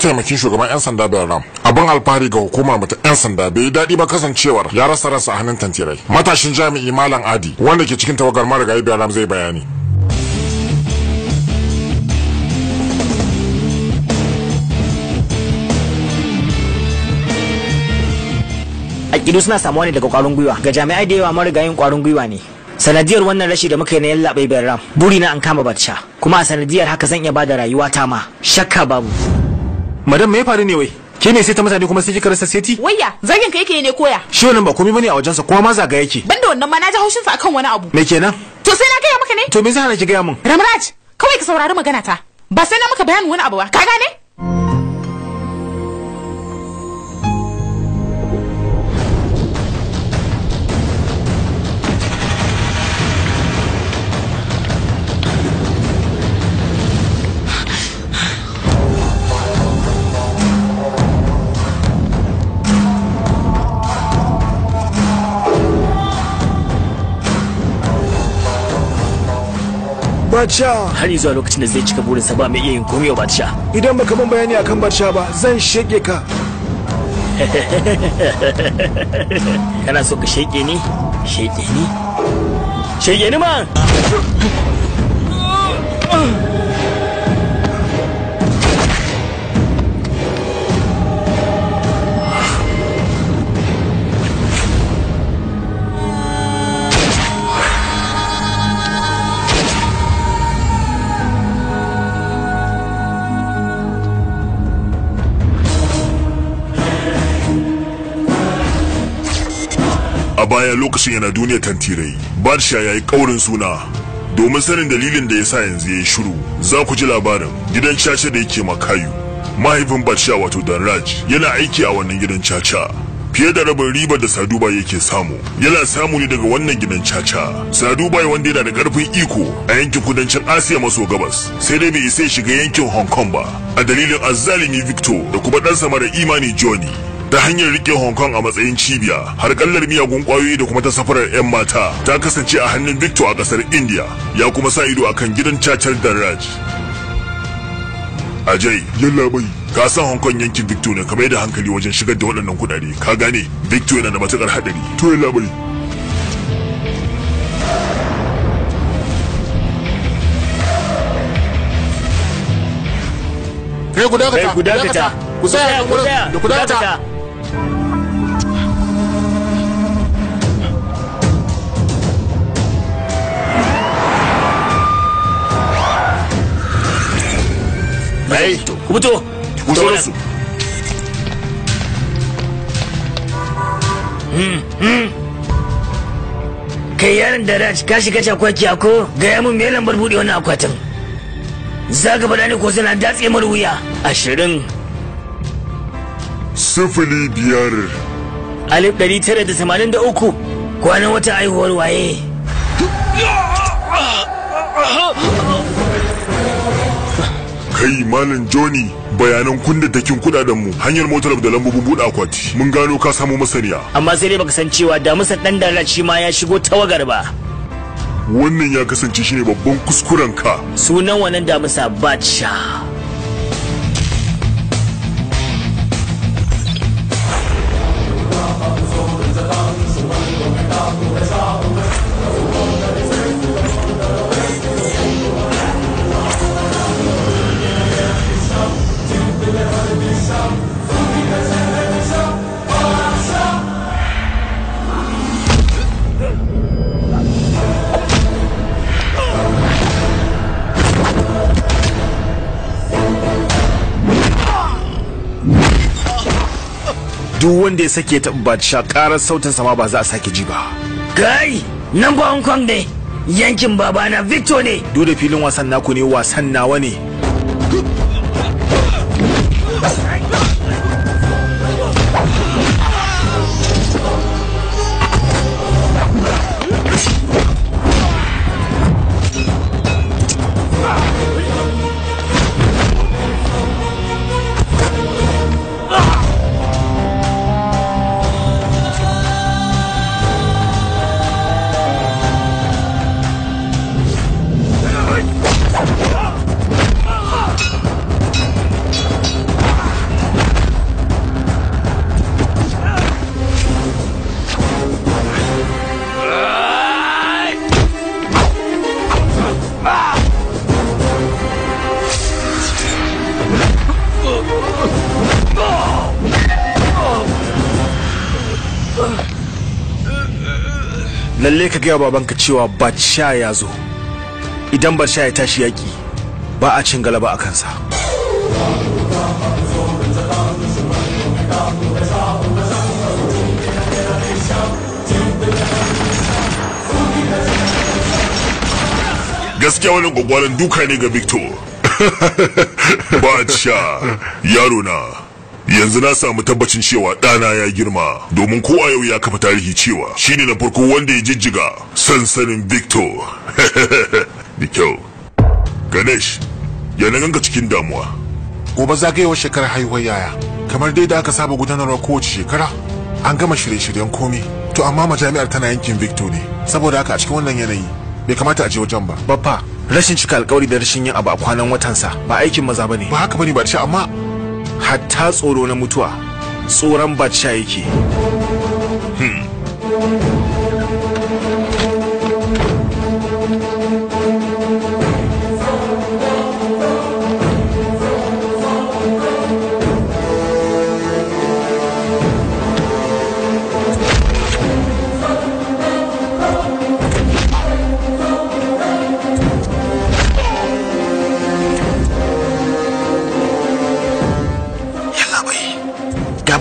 mataimakin shugaban 'yan sanda ram abin alfahari ga hukuma mata 'yan sanda bai yi daɗi ba kasancewar ya rasa ransa a hannun tantirai matashin jami'i Malam Adi wanda ke cikin tawagar marigayi ram zai bayani kidu suna samuwa ne daga kwarin gwiwa ga jami'ai da yawa marigayin kwarin gwiwa ne sanadiyar wannan rashi da muka yi na yallaɓai ram buri na an kama barca kuma a sanadiyar haka zan iya bada rayuwa ta ma shakka babu madam me faru ne wai ke ne sai ta mutane kuma sai kika rasa seti wayya zagin ka yake ne koya shi wannan ba komai bane a wajensa kuma ma zaga yake banda wannan ma na ji haushin sa akan wani abu me kenan to sai na gaya maka ne to me zan hana ki gaya min ramraj kawai ka saurari magana ta ba sai na maka bayanin wani abu ba ka gane Bacha. Har zuwa lokacin da zai cika burinsa ba mai iya yin komai wa Bacha. Idan baka ban bayani akan Bacha ba zan shege ka. Kana so ka shege ni? Shege ni? Shege ni ma! baya lokacin yana duniya tantirai barsha ya yi ƙaurin suna domin sanin dalilin da ya sa yanzu ya yi shuru. za ku ji labarin gidan caca da yake makayu mahaifin barsha wato raj yana aiki a wannan gidan caca fiye da rabin ribar da saduba yake samu yana samu ne daga wannan gidan caca saduba wanda yana da karfin iko a yankin kudancin asiya maso gabas sai dai bai isa shiga yankin hong kong ba a dalilin azzalimi victor da kuma ɗansa mara imani johnny ta hanyar rike hong kong a matsayin cibiya har kallar miyagun kwayoyi da kuma ta safarar 'yan mata ta kasance a hannun victor a kasar india ya kuma sa ido a kan gidan cacar raj. ajay yallaɓai ka san hong kong yankin victor ne kamar da hankali wajen shigar da waɗannan kuɗaɗe ka gane victor yana da matukar haɗari to yallaɓai kai ku dakata ku dakata ku tsaya ku tsaya ku dakata su kai yaron da raj ka shiga cakwaki a ko gaya mun me lambar buɗe wannan akwatin za ka faɗa ne ko suna datse mar wuya ashirin sifili biyar alif ɗari tara da tamanin da uku kwanan wata haihuwar waye kai malam joni bayanan takin kudaden mu hanyar motar da lambobin buɗe akwati mun gano ka samu masaniya amma sai dai baka san cewa da musa dan dara shi ma ya shigo tawagar ba wannan ya kasance shine babban kuskuren ka sunan wannan damusa bacha duk wanda ya sake ta ba karar sautin sama ba za a sake ji ba kai nan ba hong kong ne yankin babana victor ne duk filin wasan naku ne wasan nawa ne gaya babanka cewa Batsha ya zo idan Batsha ya tashi yaƙi ba a cin galaba a kansa gaskiya wani gwagwaran duka ne ga victor Batsha yaro na yanzu na samu tabbacin cewa ɗana ya girma domin ko a yau ya kafa tarihi cewa shine na farko wanda ya jijjiga sansanin victor da kyau ganesh ya na cikin damuwa gobe zagayewar shekarar haihuwar yaya kamar dai da aka saba gudanarwa kowace shekara an gama shirye-shiryen komi to amma jami'ar tana yankin victor ne saboda haka a cikin wannan yanayi bai kamata a je wajen ba baffa rashin cika alkawari da rashin yin abu a kwanan watansa ba aikin maza ba ne. ba haka bane ba ce amma hatta tsoro na mutuwa tsoron bacci yake hmm.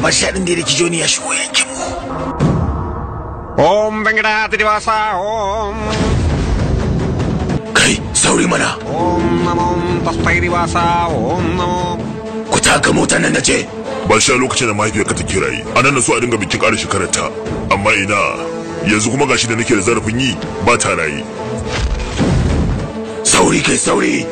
Masha ɗin da ya joni ya shigo yankin mu. Om Bangida Tidibasa Om. Kai sauri mana. Om Namo Taspai Dibasa Om Namo. Ku taka mota nan na ce. Ba sha lokacin da mahaifiyarka ta kirayi. A nan na so a dinga bikin shekarar ta. Amma ina yanzu kuma gashi da nake da zarafin yi ba ta rayi. Sauri kai sauri.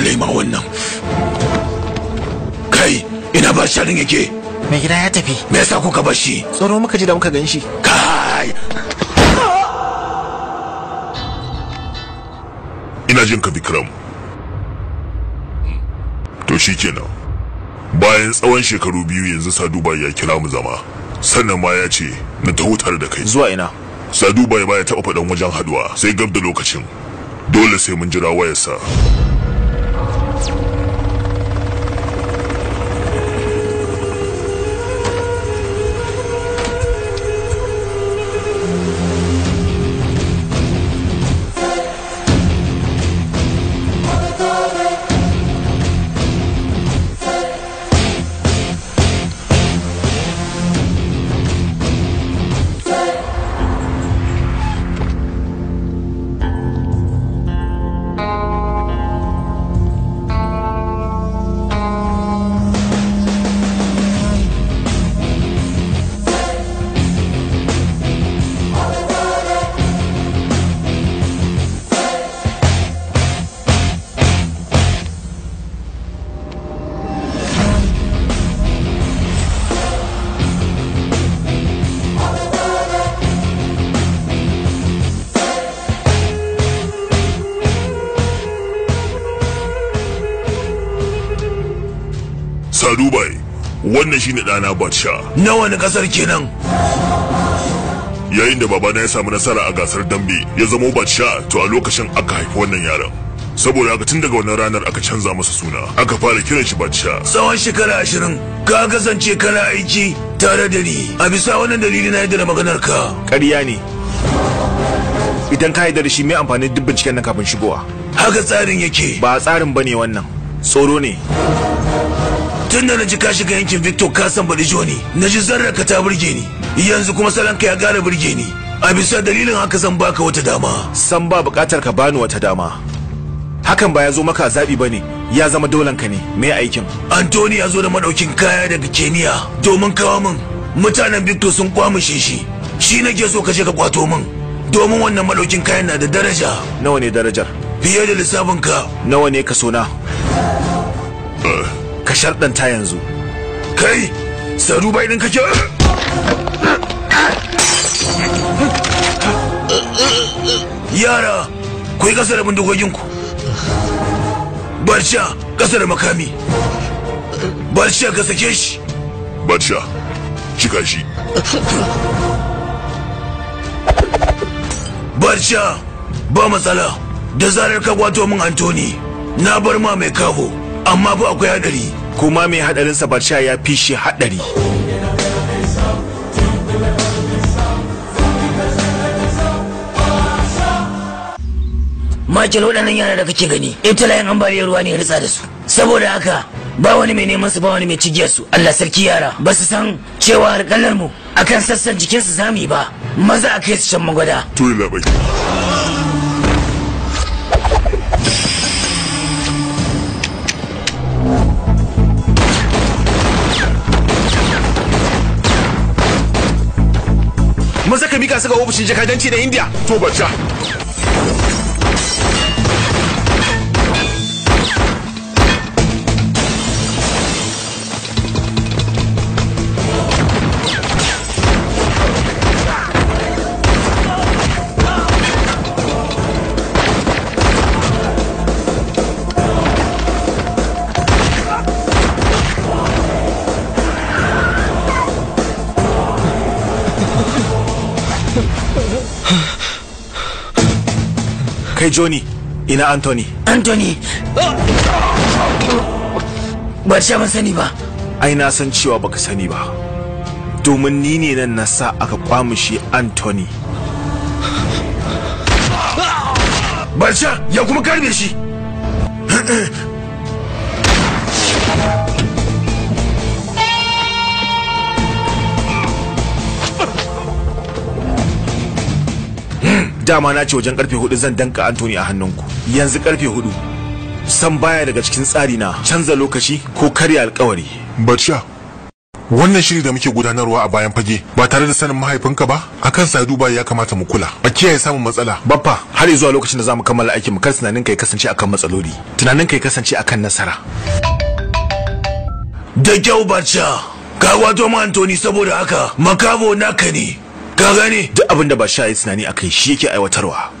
kalle ma wannan kai ina ba sharin yake mai gida ya tafi me yasa kuka bar shi tsoro muka ji da muka gan shi kai ina jin ka bikram to shi kenan bayan tsawon shekaru biyu yanzu saduba ya kira mu zama sannan ma ya ce na taho tare da kai zuwa ina saduba ya baya taɓa faɗan wajen haduwa sai gab da lokacin dole sai mun jira wayarsa rana Batsha. Na wani kasar kenan? Yayin da babana ya samu nasara a gasar dambe ya zamo Batsha to a lokacin aka haifi wannan yaron. Saboda haka tun daga wannan ranar aka canza masa suna, aka fara kiran shi Batsha. Tsawon shekara ashirin ka kasance kana aiki tare da ni. A bisa wannan dalili na yadda da maganar ka. Ƙarya ne. Idan ka yadda da shi mai amfani duk binciken nan kafin shigowa? Haka tsarin yake. Ba tsarin bane wannan. Tsoro ne. tun da na ji ka shiga yankin victor ka san baɗi joni na ji zarra ka ta burge ni yanzu kuma salonka ya gara burge ni a bisa dalilin haka zan baka wata dama san ba buƙatar ka bani wata dama hakan ba ya zo maka zaɓi ba ne ya zama ka ne me aikin antoni ya zo da maɗaukin kaya daga keniya domin kawo min mutanen victor sun kwamishe shi shi nake so ka je ka kwato min domin wannan maɗaukin kayan na da daraja nawa ne darajar fiye da lissafinka nawa ne ka sona ka sharɗanta yanzu kai saru bai ɗin kake yara ku yi ƙasa da bindigoginku barca ƙasa da makami barca ka sake shi barca cika shi barca ba matsala da zarar ka gwato min antoni na bar ma mai kaho amma ba akwai hadari kuma mai hadarin sabarsha ya fi shi hadari makil waɗannan yara da kake gani an ambaliyar ruwa ne ya ritsa da su saboda haka ba wani mai neman su ba wani mai cigiyar su Allah sarki yara ba su san cewa harkalar mu akan sassan jikinsu zamu yi ba maza a kai su can magwada to labai su ga ofishin jakadanci na indiya to bacca kai joni ina anthony anthony ba ban sani ba ai na san cewa baka sani ba domin ni ne nan na sa aka shi anthony barca ya kuma karbe shi dama na ce wajen karfe hudu zan danka Anthony a ku. yanzu karfe hudu san baya daga cikin tsari na canza lokaci ko karya alƙawari. Batsha wannan shiri da muke gudanarwa a bayan fage ba tare da sanin mahaifinka ba akan sa duba ya kamata mu kula a kiyaye samun matsala baffa har zuwa lokacin da zamu kammala aikin mu kar tunanin kai kasance akan matsaloli tunanin kai kasance akan nasara da kyau Batsha ka wato ma Anthony saboda haka makabo naka ne ga gane duk abinda da ba sha yi tunani akai shi yake aiwatarwa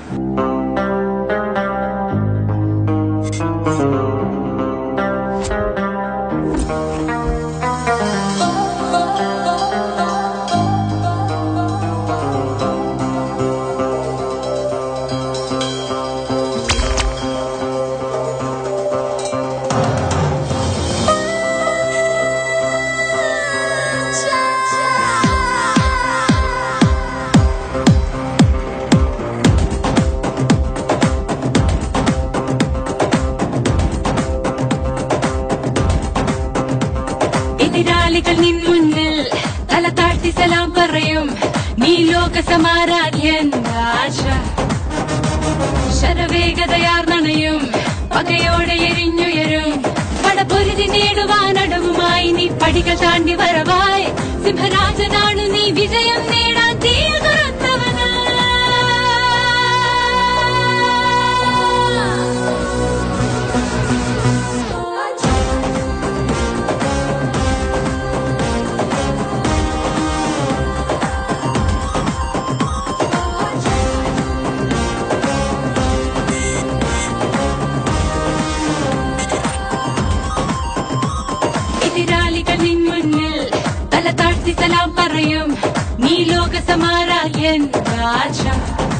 ശക്തമാരാധ്യൻ രാജ ശരവേഗതയാർ നണയും പകയോടെ എരിഞ്ഞുയരും പടപൊരുതി നേടുവാനടവുമായി നീ പടികൾ താണ്ടി വരവായി സിംഹരാജനാണു നീ വിജയം നേടാൻ തീ തുറന്ന് in Raja.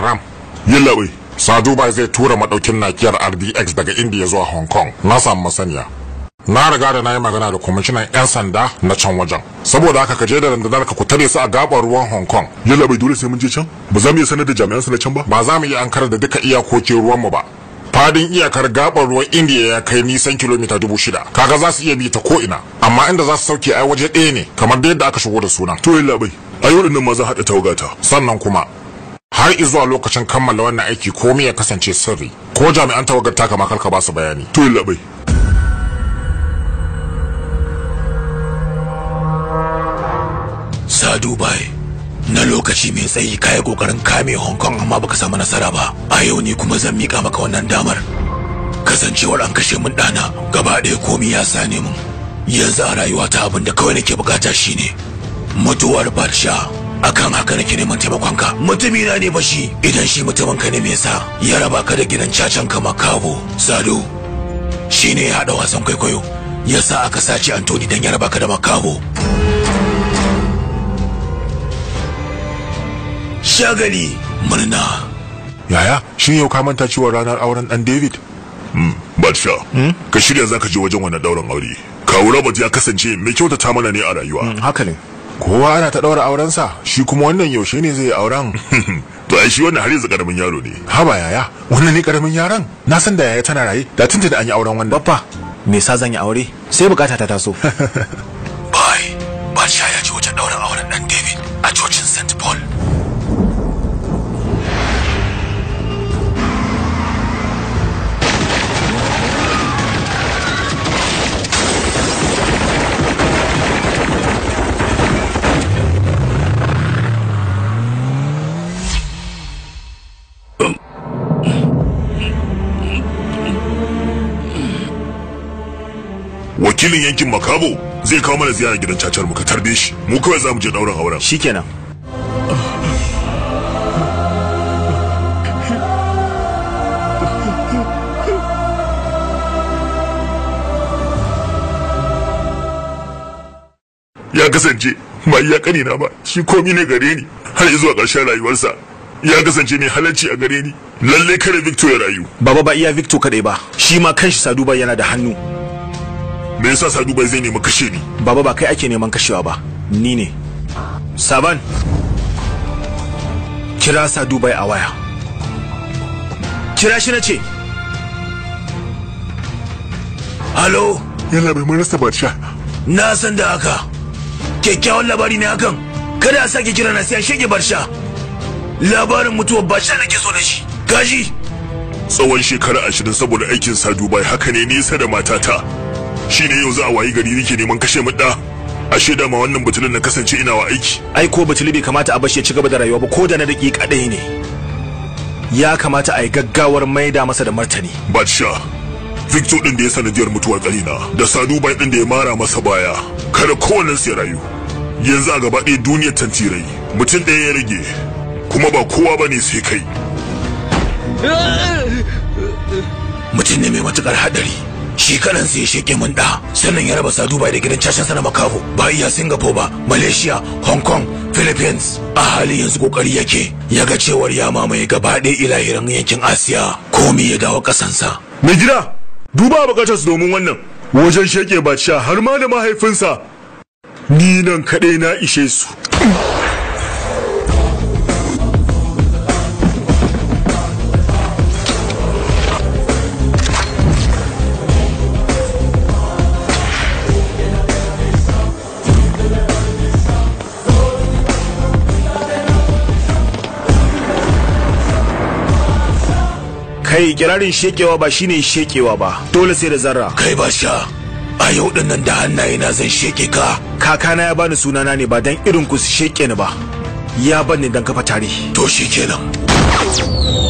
Ram, yallaɓai sadu dubai zai tura madaukin nakiyar RDX daga india zuwa hong kong na samu masaniya na riga da na yi magana da kwamishinan 'yan sanda na can wajen saboda haka ka je da rundunar ka ku tare su a gabar ruwan hong kong yalla dole sai mun je can ba za mu iya sanar da jami'an su na can ba ba za mu iya ankara da duka iyakokin mu ba fadin iyakar gabar ruwan indiya ya kai nisan kilomita dubu shida kaga za su iya bi ta ko ina amma inda za su sauke ai waje ɗaya ne kamar da yadda aka shigo da sunan to yalla bai ai ma za haɗa tawagata sannan kuma har izuwa lokacin kammala wannan aiki komai ya kasance sirri ko jami'an tawagar taka makar ka ba su bayani to labai sadu bai na lokaci mai tsayi kayi kokarin kame hong kong amma baka samu nasara ba a yau ne kuma zan mika maka wannan damar kasancewar an kashe min ɗana gaba ɗaya komi ya sane mun yanzu a rayuwa ta abin da kawai nake bukata shine mutuwar barsha akan haka nake neman taimakonka mutumi na ne bashi idan shi mutumin ka ne me yasa ya raba ka da gidan cacan ka makaho sado shine ya hada wasan kwaikwayo yasa aka sace antoni dan ya raba ka da makaho shagali murna yaya shin yau ka manta cewa ranar auren dan david hmm, hmm? ka shirya za ka je wajen wannan dauran aure. Kawu Robert ya kasance mai kyautata mana ne a rayuwa. Hmm, haka ne. kowa ana ta daura aurensa shi kuma wannan yaushe ne zai auren to ai shi wannan har yanzu karamin yaro ne haba yaya wannan ne karamin yaron na san da yaya tana raye da tunta da an yi auren wannan baffa me sa zan yi aure sai bukata ta taso bai ba ya ji wajen daura auren dan wakilin yankin makabo zai kawo mana ziyara gidan cacar mu ka tarbe shi mu kawai za mu je dauran auren shikenan ya kasance ba iya kani na ba shi komi ne gare ni har zuwa ƙarshen rayuwarsa ya kasance mai halarci a gare ni lalle kare victor ya rayu baba ba iya victor kadai ba shi ma kanshi saduba yana da hannu me yasa sadu bai zai nemi kashe ni baba ba kai ake neman kashewa ba ni ne saban kira sadu bai a waya kira shi na ce halo yana mai rasa barca na san da haka kyakkyawan labari ne hakan kada a sake kira na sai a shege barsha labarin mutuwar barsha nake so da shi gashi tsawon shekara ashirin saboda aikin sadu bai haka ne nisa da matata Shi ne yau za a wayi gari nake neman kashe mu da ashe dama wannan batulun na kasance ina wa aiki ai ko batulu bai kamata a bashi ya ci gaba da rayuwa ba ko da na daƙiƙa ɗaya ne ya kamata a yi gaggawar maida masa da martani batsha victor din da ya sanadiyar mutuwar kalina da sadu bai din da ya mara masa baya kada kowane ya rayu yanzu a gaba ɗaya duniyar tantirai mutum ɗaya ya rage kuma ba kowa ba ne sai kai mutum ne mai matukar haɗari shi kanansa ya sheke mun da sannan ya raba sa dubai da gidan cashin sana makaho ba iya singapore ba malaysia hong kong philippines a hali yanzu kokari yake ya ga cewar ya mamaye gaba ɗaya ilahirin yankin asiya komi ya dawo kasansa mai gida duba bukatar su domin wannan wajen sheke baciya har ma da mahaifinsa ni nan kaɗai na ishe su kai kirarin shekewa ba shine shekewa ba dole sai da zarra kai ba sha a yau din nan da hannaye na zan sheke ka kakana ya bani sunana ne ba dan irin ku su sheke ni ba ya bani dan kafa tare to shikenan